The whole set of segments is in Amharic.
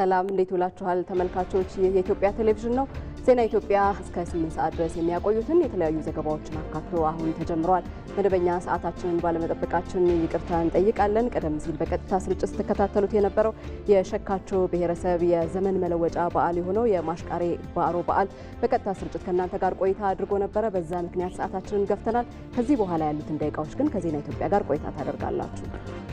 ሰላም እንዴት ውላችኋል ተመልካቾች። ይህ የኢትዮጵያ ቴሌቪዥን ነው። ዜና ኢትዮጵያ እስከ 8 ሰዓት ድረስ የሚያቆዩትን የተለያዩ ዘገባዎችን አካቶ አሁን ተጀምሯል። መደበኛ ሰዓታችንን ባለመጠበቃችን ይቅርታ እንጠይቃለን። ቀደም ሲል በቀጥታ ስርጭት ስትከታተሉት የነበረው የሸካቾ ብሔረሰብ የዘመን መለወጫ በዓል የሆነው የማሽቃሬ ባሮ በዓል በቀጥታ ስርጭት ከእናንተ ጋር ቆይታ አድርጎ ነበረ። በዛ ምክንያት ሰዓታችንን ገፍተናል። ከዚህ በኋላ ያሉትን ደቂቃዎች ግን ከዜና ኢትዮጵያ ጋር ቆይታ ታደርጋላችሁ።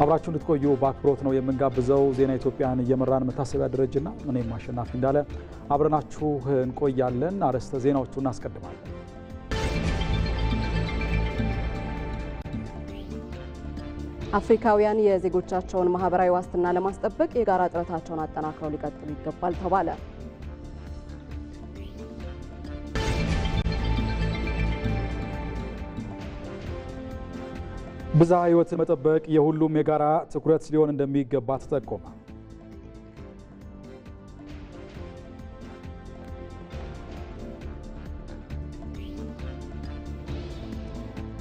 አብራችሁ እንድትቆዩ በአክብሮት ነው የምንጋብዘው። ዜና ኢትዮጵያን እየመራን መታሰቢያ ደረጀና እኔም አሸናፊ እንዳለ አብረናችሁ እንቆያለን። አርዕስተ ዜናዎቹ እናስቀድማለን። አፍሪካውያን የዜጎቻቸውን ማህበራዊ ዋስትና ለማስጠበቅ የጋራ ጥረታቸውን አጠናክረው ሊቀጥሉ ይገባል ተባለ። ብዝሃ ሕይወትን መጠበቅ የሁሉም የጋራ ትኩረት ሊሆን እንደሚገባ ተጠቆመ።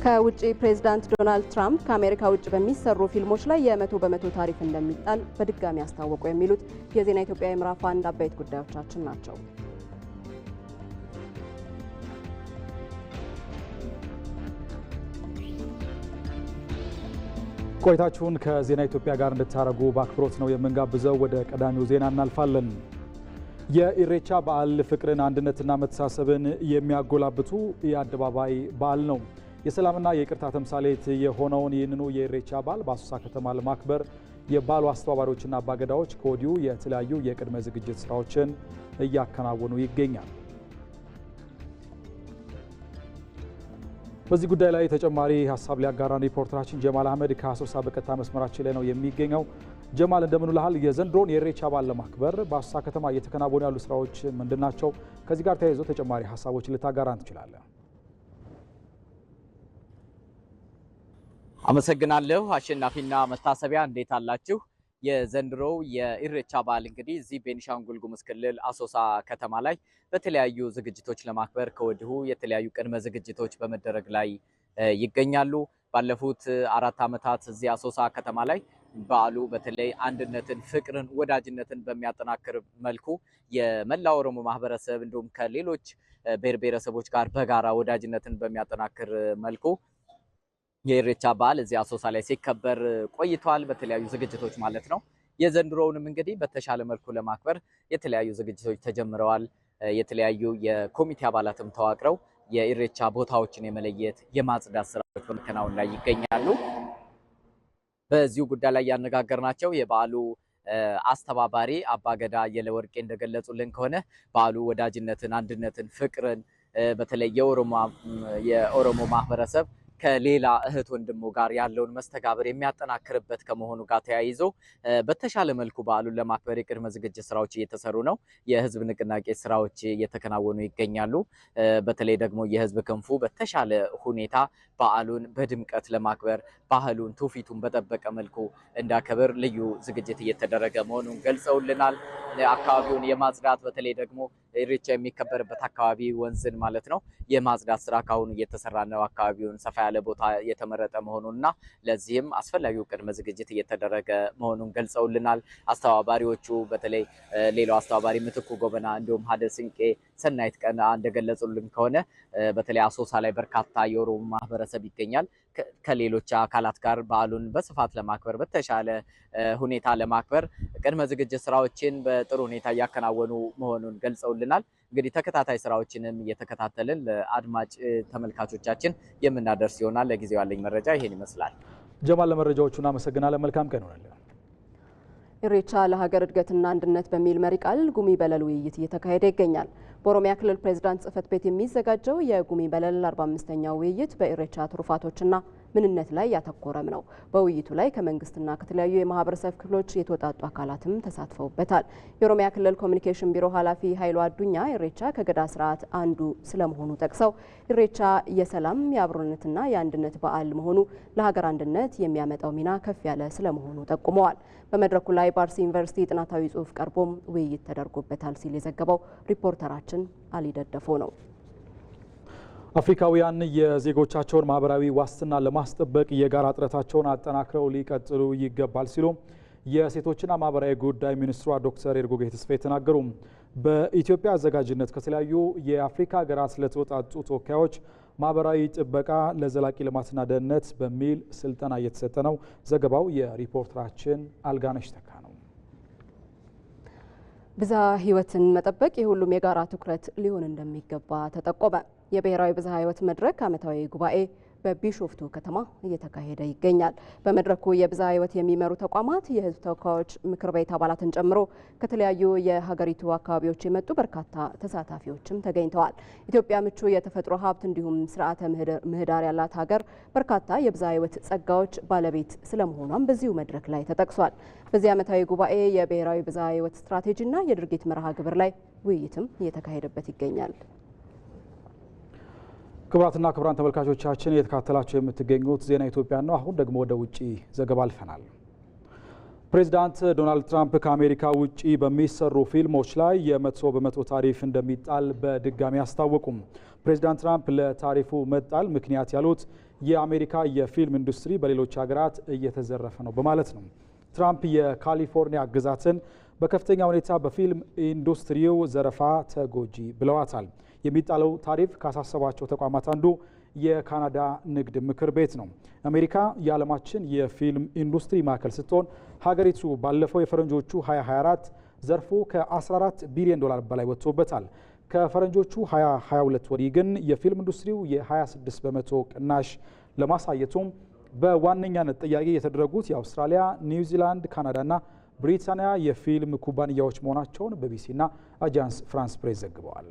ከውጭ ፕሬዝዳንት ዶናልድ ትራምፕ ከአሜሪካ ውጭ በሚሰሩ ፊልሞች ላይ የመቶ በመቶ ታሪፍ እንደሚጣል በድጋሚ አስታወቁ። የሚሉት የዜና ኢትዮጵያ የምዕራፍ አንድ አበይት ጉዳዮቻችን ናቸው። ቆይታችሁን ከዜና ኢትዮጵያ ጋር እንድታደርጉ በአክብሮት ነው የምንጋብዘው። ወደ ቀዳሚው ዜና እናልፋለን። የኢሬቻ በዓል ፍቅርን፣ አንድነትና መተሳሰብን የሚያጎላብቱ የአደባባይ በዓል ነው። የሰላምና የቅርታ ተምሳሌት የሆነውን ይህንኑ የኢሬቻ በዓል በአሶሳ ከተማ ለማክበር የባሉ አስተባባሪዎችና አባገዳዎች ከወዲሁ የተለያዩ የቅድመ ዝግጅት ስራዎችን እያከናወኑ ይገኛል። በዚህ ጉዳይ ላይ ተጨማሪ ሀሳብ ሊያጋራን ሪፖርተራችን ጀማል አህመድ ከአሶሳ በቀጥታ መስመራችን ላይ ነው የሚገኘው። ጀማል እንደምን ውለሃል? የዘንድሮን የኢሬቻ በዓል ለማክበር በአሶሳ ከተማ እየተከናወኑ ያሉ ስራዎች ምንድን ናቸው? ከዚህ ጋር ተያይዞ ተጨማሪ ሀሳቦች ልታጋራን ትችላለን? አመሰግናለሁ። አሸናፊና መታሰቢያ እንዴት አላችሁ? የዘንድሮው የኢሬቻ በዓል እንግዲህ እዚህ ቤኒሻንጉል ጉሙዝ ክልል አሶሳ ከተማ ላይ በተለያዩ ዝግጅቶች ለማክበር ከወዲሁ የተለያዩ ቅድመ ዝግጅቶች በመደረግ ላይ ይገኛሉ። ባለፉት አራት ዓመታት እዚህ አሶሳ ከተማ ላይ በዓሉ በተለይ አንድነትን፣ ፍቅርን፣ ወዳጅነትን በሚያጠናክር መልኩ የመላ ኦሮሞ ማህበረሰብ እንዲሁም ከሌሎች ብሔር ብሔረሰቦች ጋር በጋራ ወዳጅነትን በሚያጠናክር መልኩ የኢሬቻ በዓል እዚህ አሶሳ ላይ ሲከበር ቆይቷል፣ በተለያዩ ዝግጅቶች ማለት ነው። የዘንድሮውንም እንግዲህ በተሻለ መልኩ ለማክበር የተለያዩ ዝግጅቶች ተጀምረዋል። የተለያዩ የኮሚቴ አባላትም ተዋቅረው የኢሬቻ ቦታዎችን የመለየት የማጽዳት ስራዎች በመከናወን ላይ ይገኛሉ። በዚሁ ጉዳይ ላይ ያነጋገርናቸው የበዓሉ አስተባባሪ አባገዳ የለወርቄ እንደገለጹልን ከሆነ በዓሉ ወዳጅነትን፣ አንድነትን፣ ፍቅርን በተለይ የኦሮሞ ማህበረሰብ ከሌላ እህት ወንድሞ ጋር ያለውን መስተጋብር የሚያጠናክርበት ከመሆኑ ጋር ተያይዞ በተሻለ መልኩ በዓሉን ለማክበር የቅድመ ዝግጅት ስራዎች እየተሰሩ ነው። የህዝብ ንቅናቄ ስራዎች እየተከናወኑ ይገኛሉ። በተለይ ደግሞ የህዝብ ክንፉ በተሻለ ሁኔታ በዓሉን በድምቀት ለማክበር ባህሉን፣ ትውፊቱን በጠበቀ መልኩ እንዳከብር ልዩ ዝግጅት እየተደረገ መሆኑን ገልጸውልናል። አካባቢውን የማጽዳት በተለይ ደግሞ ኢሬቻ የሚከበርበት አካባቢ ወንዝን ማለት ነው የማጽዳት ስራ ካሁኑ እየተሰራ ነው። አካባቢውን ሰፋ ያለ ቦታ የተመረጠ መሆኑን እና ለዚህም አስፈላጊው ቅድመ ዝግጅት እየተደረገ መሆኑን ገልጸውልናል። አስተባባሪዎቹ በተለይ ሌላው አስተባባሪ ምትኩ ጎበና እንዲሁም ሀደ ስንቄ ሰናይት ቀን እንደገለጹልን ከሆነ በተለይ አሶሳ ላይ በርካታ የኦሮሞ ማህበረሰብ ይገኛል። ከሌሎች አካላት ጋር በዓሉን በስፋት ለማክበር በተሻለ ሁኔታ ለማክበር ቅድመ ዝግጅት ስራዎችን በጥሩ ሁኔታ እያከናወኑ መሆኑን ገልጸውልናል። እንግዲህ ተከታታይ ስራዎችንም እየተከታተልን ለአድማጭ ተመልካቾቻችን የምናደርስ ይሆናል። ለጊዜው ያለኝ መረጃ ይሄን ይመስላል። ጀማል፣ ለመረጃዎቹ እናመሰግናለን። መልካም ቀን ይሆናል። ኢሬቻ ለሀገር እድገትና አንድነት በሚል መሪ ቃል ጉሚ በለል ውይይት እየተካሄደ ይገኛል። በኦሮሚያ ክልል ፕሬዝዳንት ጽህፈት ቤት የሚዘጋጀው የጉሚ በለል 45ኛው ውይይት በኢሬቻ ትሩፋቶችና ምንነት ላይ ያተኮረም ነው። በውይይቱ ላይ ከመንግስትና ከተለያዩ የማህበረሰብ ክፍሎች የተወጣጡ አካላትም ተሳትፈውበታል። የኦሮሚያ ክልል ኮሚኒኬሽን ቢሮ ኃላፊ ኃይሉ አዱኛ ኢሬቻ ከገዳ ስርዓት አንዱ ስለመሆኑ ጠቅሰው ኢሬቻ የሰላም የአብሮነትና የአንድነት በዓል መሆኑ ለሀገር አንድነት የሚያመጣው ሚና ከፍ ያለ ስለመሆኑ ጠቁመዋል። በመድረኩ ላይ ባርሲ ዩኒቨርሲቲ ጥናታዊ ጽሑፍ ቀርቦም ውይይት ተደርጎበታል ሲል የዘገበው ሪፖርተራችን አሊ ደደፎ ነው። አፍሪካውያን የዜጎቻቸውን ማህበራዊ ዋስትና ለማስጠበቅ የጋራ ጥረታቸውን አጠናክረው ሊቀጥሉ ይገባል ሲሉ የሴቶችና ማህበራዊ ጉዳይ ሚኒስትሯ ዶክተር ኤርጎጌ ተስፋዬ ተናገሩ። በኢትዮጵያ አዘጋጅነት ከተለያዩ የአፍሪካ ሀገራት ለተወጣጡ ተወካዮች ማህበራዊ ጥበቃ ለዘላቂ ልማትና ደህንነት በሚል ስልጠና እየተሰጠ ነው። ዘገባው የሪፖርተራችን አልጋነሽ ተካ ነው። ብዝሃ ህይወትን መጠበቅ የሁሉም የጋራ ትኩረት ሊሆን እንደሚገባ ተጠቆመ። የብሔራዊ ብዝሃ ህይወት መድረክ ዓመታዊ ጉባኤ በቢሾፍቱ ከተማ እየተካሄደ ይገኛል። በመድረኩ የብዝሃ ህይወት የሚመሩ ተቋማት የህዝብ ተወካዮች ምክር ቤት አባላትን ጨምሮ ከተለያዩ የሀገሪቱ አካባቢዎች የመጡ በርካታ ተሳታፊዎችም ተገኝተዋል። ኢትዮጵያ ምቹ የተፈጥሮ ሀብት እንዲሁም ስርዓተ ምህዳር ያላት ሀገር በርካታ የብዝሃ ህይወት ጸጋዎች ባለቤት ስለመሆኗም በዚሁ መድረክ ላይ ተጠቅሷል። በዚህ ዓመታዊ ጉባኤ የብሔራዊ ብዝሃ ህይወት ስትራቴጂና የድርጊት መርሃ ግብር ላይ ውይይትም እየተካሄደበት ይገኛል። ክቡራትና ክቡራን ተመልካቾቻችን እየተካተላቸው የምትገኙት ዜና ኢትዮጵያ ነው። አሁን ደግሞ ወደ ውጭ ዘገባ አልፈናል። ፕሬዚዳንት ዶናልድ ትራምፕ ከአሜሪካ ውጭ በሚሰሩ ፊልሞች ላይ የመቶ በመቶ ታሪፍ እንደሚጣል በድጋሚ አስታወቁም። ፕሬዚዳንት ትራምፕ ለታሪፉ መጣል ምክንያት ያሉት የአሜሪካ የፊልም ኢንዱስትሪ በሌሎች ሀገራት እየተዘረፈ ነው በማለት ነው። ትራምፕ የካሊፎርኒያ ግዛትን በከፍተኛ ሁኔታ በፊልም ኢንዱስትሪው ዘረፋ ተጎጂ ብለዋታል። የሚጣለው ታሪፍ ካሳሰባቸው ተቋማት አንዱ የካናዳ ንግድ ምክር ቤት ነው። አሜሪካ የዓለማችን የፊልም ኢንዱስትሪ ማዕከል ስትሆን ሀገሪቱ ባለፈው የፈረንጆቹ 2024 ዘርፉ ከ14 ቢሊዮን ዶላር በላይ ወጥቶበታል። ከፈረንጆቹ 2022 ወዲህ ግን የፊልም ኢንዱስትሪው የ26 በመቶ ቅናሽ ለማሳየቱም በዋነኛነት ጥያቄ የተደረጉት የአውስትራሊያ፣ ኒውዚላንድ፣ ካናዳና ብሪታንያ የፊልም ኩባንያዎች መሆናቸውን በቢሲና አጃንስ ፍራንስ ፕሬስ ዘግበዋል።